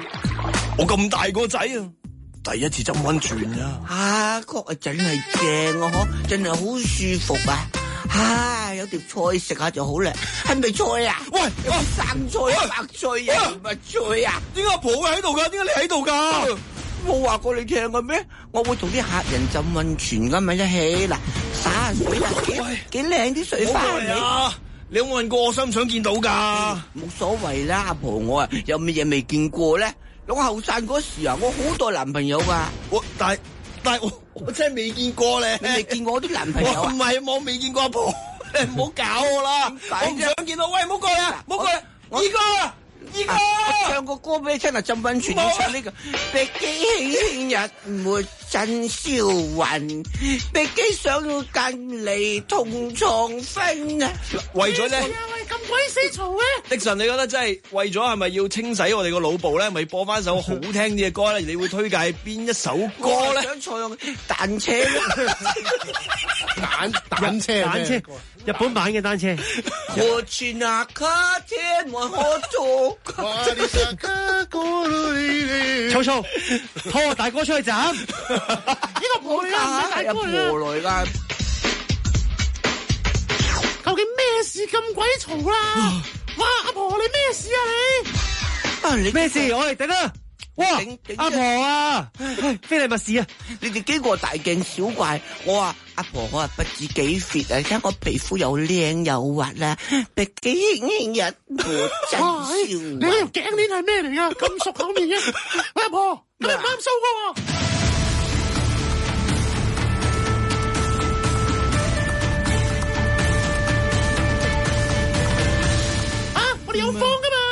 我咁大個仔。啊！第一次浸溫泉啦！啊，確係真係正啊，嗬、啊，真係好舒服啊！啊，有碟菜食下就好啦。係咪菜啊？喂，有啲生菜、啊啊、白菜啊，乜、哎、菜啊？點解阿婆會喺度噶？點解你喺度噶？冇、哎、話過你聽嘅咩？我會同啲客人浸溫泉咁喺一起了，嗱，灑下水啦，幾幾靚啲水花。啊、你有冇問過我想唔想見到噶？冇所謂啦，阿婆我啊，有乜嘢未見過咧？我後生嗰時啊，我好多男朋友噶，我但係但係我我真係未見過咧，你未見過我啲男朋友我我我 (laughs) 我啊？唔係我未見過阿婆，你唔好搞我啦，我唔想見到，喂唔好過嚟！唔好過嚟！二哥。這個啊啊、我唱個歌俾你聽、這個、啊！浸温泉唱呢個，碧雞輕輕日，沒真銷魂，碧雞想要近你同床分了呢死啊！為咗咧，哎咁鬼死嘈咧！迪神你覺得真係為咗係咪要清洗我哋個腦部咧？咪播翻首好聽啲嘅歌咧？你會推介邊一首歌咧？我想坐上單車蛋蛋單車，車。日本版嘅單車。 (laughs) 嗯、 (laughs) 吵吵，拖我大哥出去斬。一 (laughs) 個婆來啦，一個大哥嚟 (laughs) 究竟咩事咁鬼嘈啦？哇！阿婆、啊啊、你咩事啊你？咩事？你我嚟整啦。哇！阿婆啊，非禮勿視啊！你哋幾個大驚小怪，我話阿婆我話不知幾 fit 啊，你睇我皮膚又靚又滑啦，畢竟今日我真銷魂。你條頸鏈係咩嚟噶？咁熟口面啊，阿婆咁你唔啱數？啊！我哋有風噶嘛？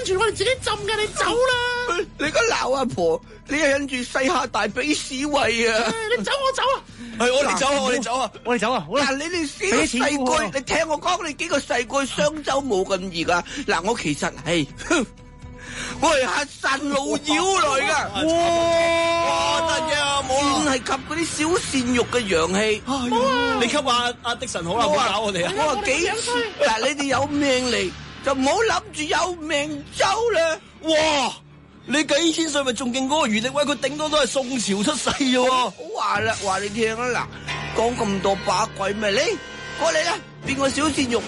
跟住我哋自己浸噶，你走啦！你個鬧阿婆，你係忍住細下大俾屎喂啊！你走我走啊！係我哋走啊！我哋走啊！我哋走啊！嗱，你哋小細個，你聽我講，你幾個細個商周冇咁易噶。嗱，我其實係，我係黑山老妖嚟噶。哇！真嘅，我劍係吸嗰啲小善玉嘅陽氣。你吸下阿迪神好啊？唔搞我哋啊！我話幾，嗱你哋有命嚟。就唔好諗住有命周啦！哇，你幾千歲咪仲勁嗰個余力威？佢頂多都係宋朝出世㗎喎！話啦，話你聽啦嗱，講咁多把鬼咩？你！過嚟啦，變個小鮮肉，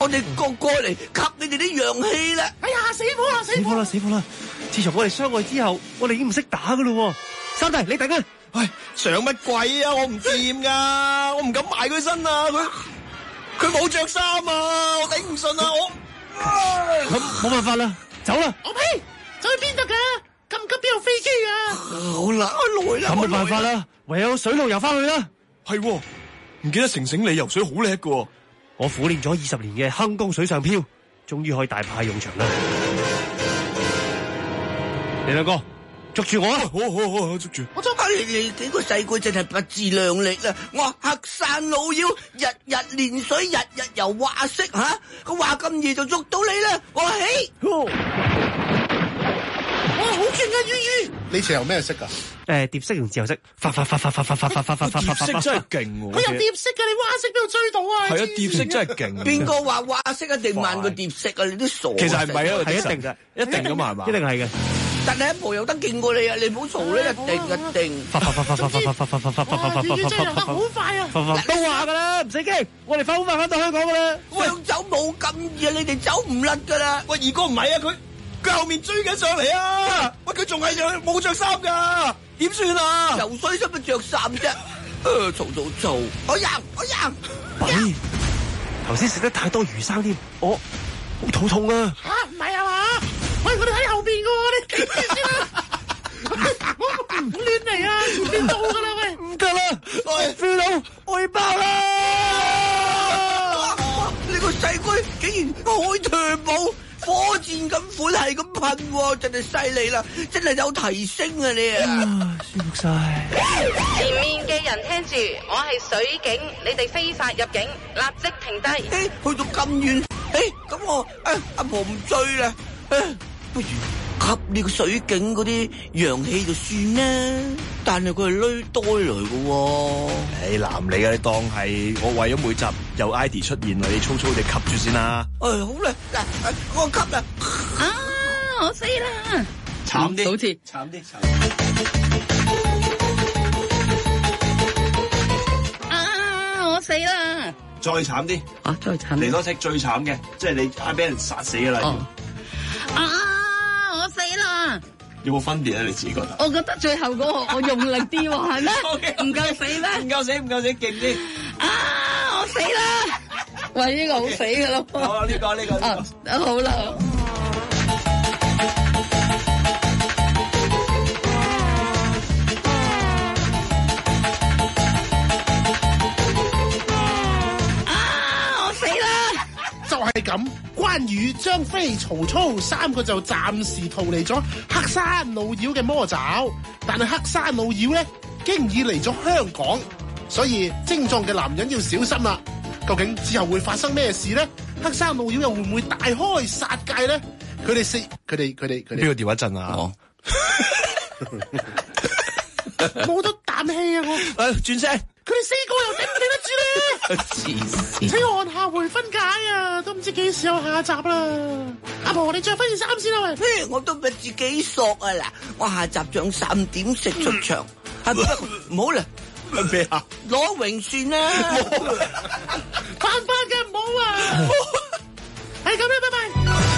我哋個過嚟吸你哋啲陽氣啦！哎呀，死火啦，死火啦，死火啦！自從我哋相愛之後，我哋已經唔識打噶咯！三弟，你等陣！喂、哎，上乜鬼啊？我唔掂噶， (laughs) 我唔敢埋佢身啊！佢佢冇着衫啊！我頂唔順啊！我。 (laughs) 咁、啊、冇辦法啦，走啦！我呸，走去邊得噶？咁急邊有飛機啊，啊？好啦，咁冇辦法啦，唯有水路游翻去啦。係、哦，唔記得成成你游水好叻噶，我苦練咗二十年嘅坑江水上漂，終於可以大派用場啦 (music) 。你兩個。捉住我啦！好好好，捉住！我捉翻你哋幾個細鬼仔係不自量力啦！我黑山老妖，日日練水，日日游畫式吓，佢話咁夜就捉到你啦！我話嘿，我好勁啊，魚魚！你自由咩式噶？誒，蝶式同自由式，發發發發發發發發發發發發發發，蝶式真係勁喎！佢有蝶式噶，你畫式邊度追到啊？係啊，蝶式真係勁！邊個話畫式啊？定萬個蝶式啊？你都傻？其實係唔係啊？係一定嘅，一定咁啊？係嘛？一定係嘅。但係阿婆有得勁過你啊！你唔好嘈啦，一定一定。快快快快快快快快快快快快快快快！我哋真係行得好快啊！都話噶啦，唔使驚，我哋快快快到香港噶啦。喂，走冇咁易，你哋走唔甩噶啦。喂，二哥唔係啊，佢佢後面追緊上嚟啊！喂，佢仲係着冇着衫噶，點算啊？游水使乜着衫啫。誒，嘈嘈嘈，哎呀，哎呀，喂！頭先食得太多魚生添，我好肚痛啊！吓，唔係啊嘛？喂，我哋喺後邊噶，你停住先啦！唔亂嚟啊，全亂到噶啦，喂！唔得啦，我要飛到，我要爆啦！哇，你個細龜竟然開長炮，火箭咁款係咁噴，真係犀利啦，真係有提升啊你啊！舒服晒。前面嘅人聽住，我係水警，你哋非法入境，立即停低。誒，去到咁遠，誒，咁我阿阿婆唔追啦。不如吸你個水景嗰啲陽氣就算啦，但係佢係累多嚟嘅。你、哎、男你噶，你當係我為咗每集有 I D 出現，你粗粗地吸住先啦。哎，好啦，嗱，我吸啦。啊，我死啦！慘啲，好啲，慘啲，慘。啊，我死啦！再慘啲，啊，再慘！你多隻最慘嘅，即係你嗌俾人殺死噶啦。啊！我死啦！有冇分別咧？你自己覺得？我覺得最後嗰個我用力啲喎，係 (laughs) 咩？唔、okay, 夠、okay. 死咩？唔夠死，唔夠死，勁啲！啊！我死啦！ (laughs) 喂，呢、這個好死㗎咯！Okay. (laughs) 好啦，呢、這個呢、這個啊，好啦。好咁關羽、張飛、曹操三個就暫時逃離咗黑山老妖嘅魔爪，但係黑山老妖咧經已嚟咗香港，所以精壯嘅男人要小心啦。究竟之後會發生咩事咧？黑山老妖又會唔會大開殺戒咧？佢哋四佢哋佢哋佢哋邊個電話震啊？冇得膽氣啊！我，誒、轉、哎、聲。佢哋四個又頂唔頂得住咧！黐線！請按下回分解啊，都唔知幾時有下集啦。阿婆，婆，你着返件衫先啦，我都不知幾索啊嗱，我下集將三點食出場，唔、嗯、好啦，攞、啊、榮算啊，犯法嘅唔好啊，係咁啦，拜拜。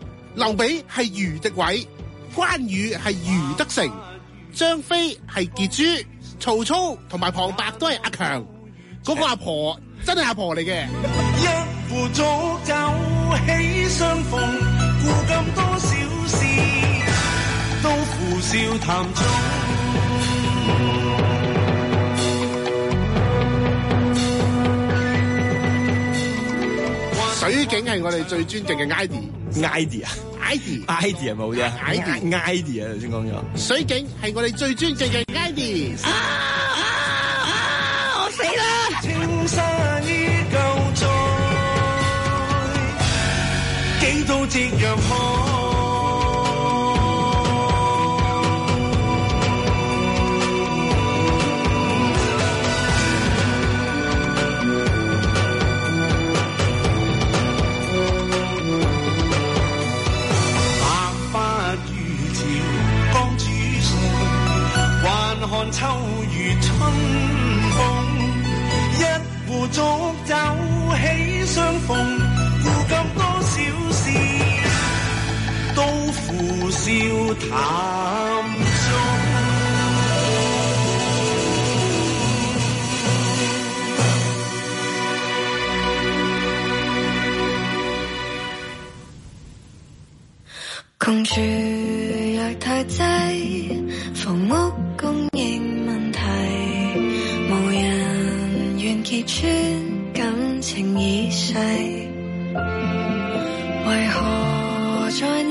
劉備係余迪偉，關羽係余德成，張飛係杰珠，曹操同埋旁白都係阿強，嗰、那個阿婆真係阿婆嚟嘅。一水警係我哋最尊敬嘅 I D，I D 啊，I D，I D 係咪好啫？I D，I D 啊，頭先講咗，水警係我哋最尊敬嘅 I D，啊我死啦！青山依舊在，幾度夕陽紅。秋月春風，一壺濁酒喜相逢，古今多少事，都付笑談中。恐懼也太在。